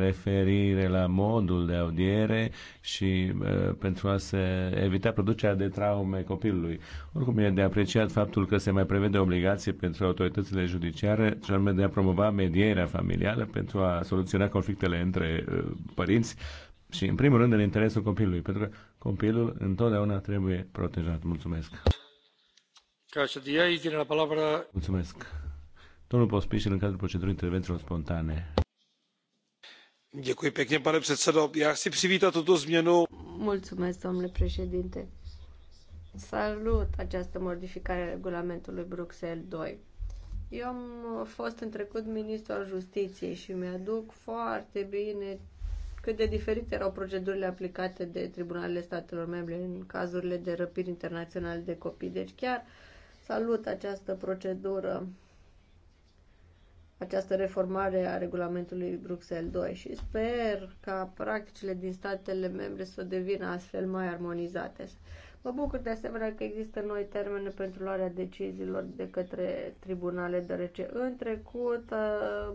referire la modul de audiere și uh, pentru a se evita producerea de traume copilului. Oricum, e de apreciat faptul că se mai prevede obligație pentru autoritățile judiciare și anume de a promova medierea familială pentru a soluționa conflictele între uh, părinți și, în primul rând, în interesul copilului, pentru că copilul întotdeauna trebuie protejat. Mulțumesc! Mulțumesc. Domnul Pospișil, în cadrul procedurii intervențiilor spontane. pane předsedo. já chci přivítat tuto změnu. Mulțumesc, domnule președinte. Salut această modificare a regulamentului Bruxelles II. Eu am fost în trecut ministru al justiției și mi-aduc foarte bine cât de diferite erau procedurile aplicate de tribunalele statelor membre în cazurile de răpiri internaționale de copii. Deci chiar uh, salut această procedură, această reformare a regulamentului Bruxelles 2 și sper ca practicile din statele membre să devină astfel mai armonizate. Mă bucur de asemenea că există noi termene pentru luarea deciziilor de către tribunale, deoarece în trecut uh,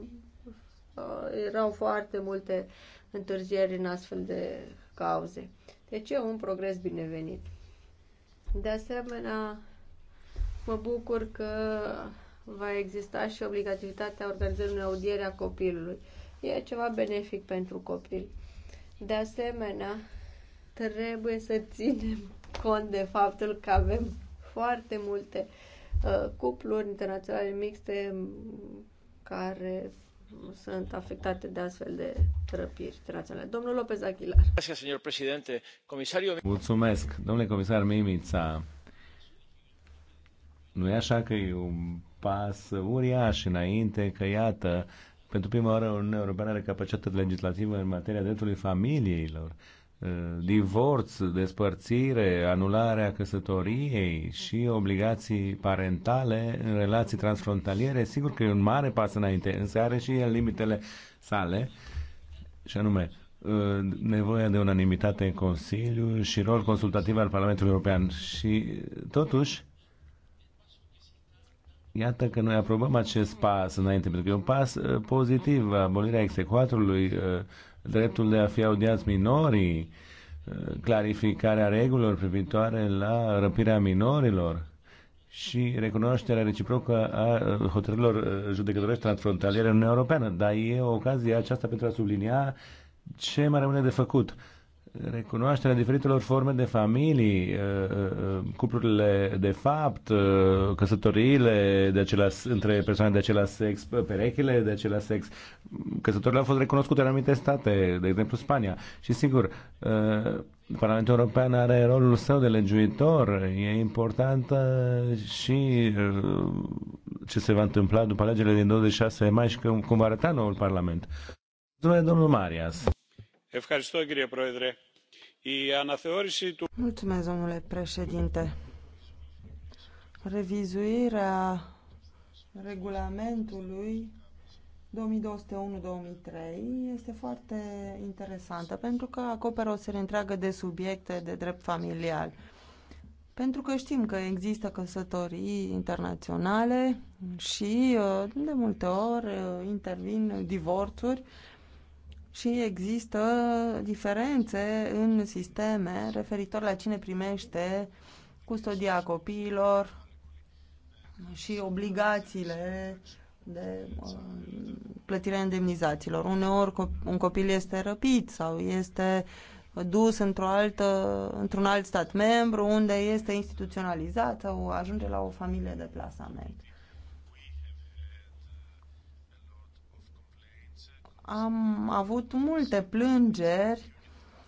uh, erau foarte multe întârzieri în astfel de cauze. Deci e un progres binevenit. De asemenea, Mă bucur că va exista și obligativitatea organizării unei audiere a copilului. E ceva benefic pentru copil. De asemenea, trebuie să ținem cont de faptul că avem foarte multe uh, cupluri internaționale mixte care sunt afectate de astfel de trăpiri internaționale. Domnul Lopez Aguilar. Mulțumesc, domnule comisar Mimița. Nu e așa că e un pas uriaș înainte, că iată, pentru prima oară Uniunea Europeană are capacitate legislativă în materia dreptului familiilor, uh, divorț, despărțire, anularea căsătoriei și obligații parentale în relații transfrontaliere, sigur că e un mare pas înainte, însă are și el limitele sale, și anume uh, nevoia de unanimitate în Consiliu și rol consultativ al Parlamentului European. Și totuși, Iată că noi aprobăm acest pas înainte, pentru că e un pas uh, pozitiv, abolirea execuatorului, uh, dreptul de a fi audiați minorii, uh, clarificarea regulilor privitoare la răpirea minorilor și recunoașterea reciprocă a hotărârilor judecătorești transfrontaliere în Uniunea Europeană. Dar e o ocazie aceasta pentru a sublinia ce mai rămâne de făcut recunoașterea diferitelor forme de familii, uh, uh, uh, cuplurile de fapt, căsătoriile de același, între persoane de același sex, perechile de același sex. Căsătorile au fost recunoscute în anumite state, de exemplu Spania. Și sigur, Parlamentul European are rolul său de legiuitor. E important și ce se va întâmpla după alegerile din 26 mai și cum va arăta noul Parlament. Mulțumesc, domnul Marias domnule președinte. Revizuirea regulamentului mii trei este foarte interesantă pentru că acoperă o serie întreagă de subiecte de drept familial. Pentru că știm că există căsătorii internaționale și uh, de multe ori uh, intervin divorțuri și există diferențe în sisteme referitor la cine primește custodia copiilor și obligațiile de uh, plătirea indemnizațiilor. Uneori un copil este răpit sau este dus într un într-un alt stat membru unde este instituționalizat sau ajunge la o familie de plasament. Am avut multe plângeri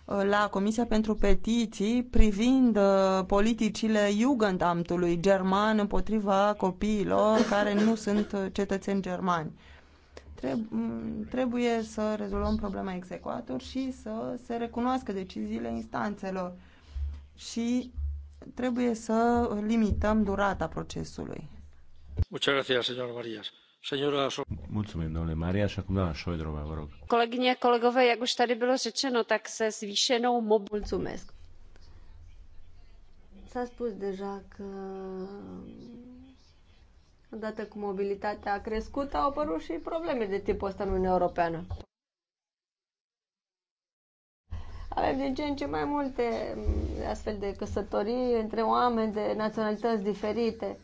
uh, la Comisia pentru Petiții privind uh, politicile Jugendamtului german împotriva copiilor care nu sunt uh, cetățeni germani. Mm, trebuie să rezolvăm problema execuator și să se recunoască deciziile instanțelor și trebuie să limităm durata procesului. Muchas gracias, señor kolegyně a și kolegové, jak už tady bylo řečeno, tak se zvýšenou mobilitou Mulțumesc. S-a spus odată cu mobilitatea a crescut, au apărut și probleme de tipul ăsta în Uniunea Europeană. Avem din ce în ce mai multe mm, astfel de căsătorii între oameni de naționalități diferite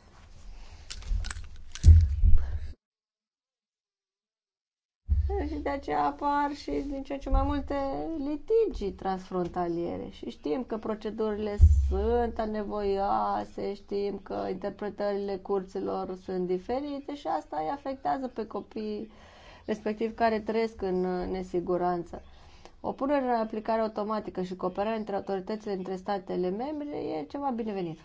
și de aceea apar și din ce în ce mai multe litigii transfrontaliere. Și știm că procedurile sunt anevoioase, știm că interpretările curților sunt diferite și asta îi afectează pe copii respectiv care trăiesc în nesiguranță. O punere în aplicare automatică și cooperare între autoritățile între statele membre e ceva binevenit.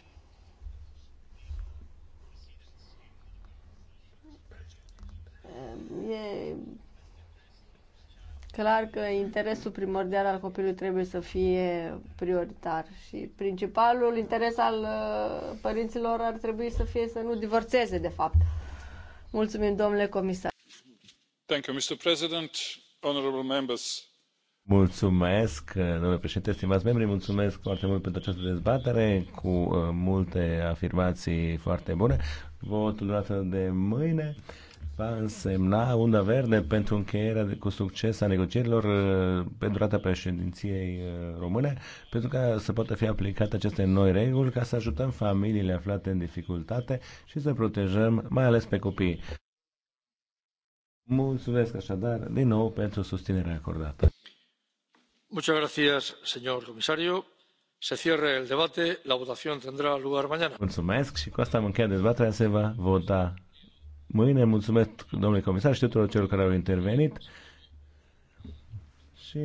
E clar că interesul primordial al copilului trebuie să fie prioritar și principalul interes al uh, părinților ar trebui să fie să nu divorțeze, de fapt. Mulțumim, domnule comisar. Thank you, Mr. President, honorable members. Mulțumesc, uh, domnule președinte, stimați membri, mulțumesc foarte mult pentru această dezbatere cu uh, multe afirmații foarte bune. Votul dată de mâine va însemna unda verde pentru încheierea de, cu succes a negocierilor uh, pe durata președinției uh, române, pentru ca să poată fi aplicate aceste noi reguli, ca să ajutăm familiile aflate în dificultate și să protejăm mai ales pe copii. Mulțumesc așadar din nou pentru susținerea acordată. Muchas gracias, señor comisario. Se cierra el debate. La votación tendrá lugar mañana. Mulțumesc și cu asta am încheiat dezbaterea. Se va vota mâine. Mulțumesc domnului comisar și tuturor celor care au intervenit și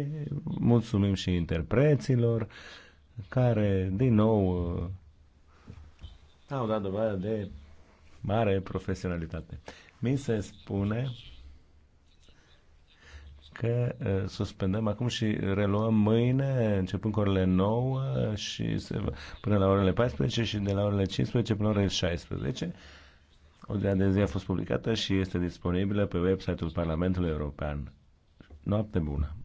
mulțumim și interpreților care, din nou, uh, au dat dovadă de mare profesionalitate. Mi se spune că uh, suspendăm acum și reluăm mâine, începând cu orele 9 și se, până la orele 14 și de la orele 15 până la orele 16 zi de zi a fost publicată și este disponibilă pe website-ul Parlamentului European. Noapte bună!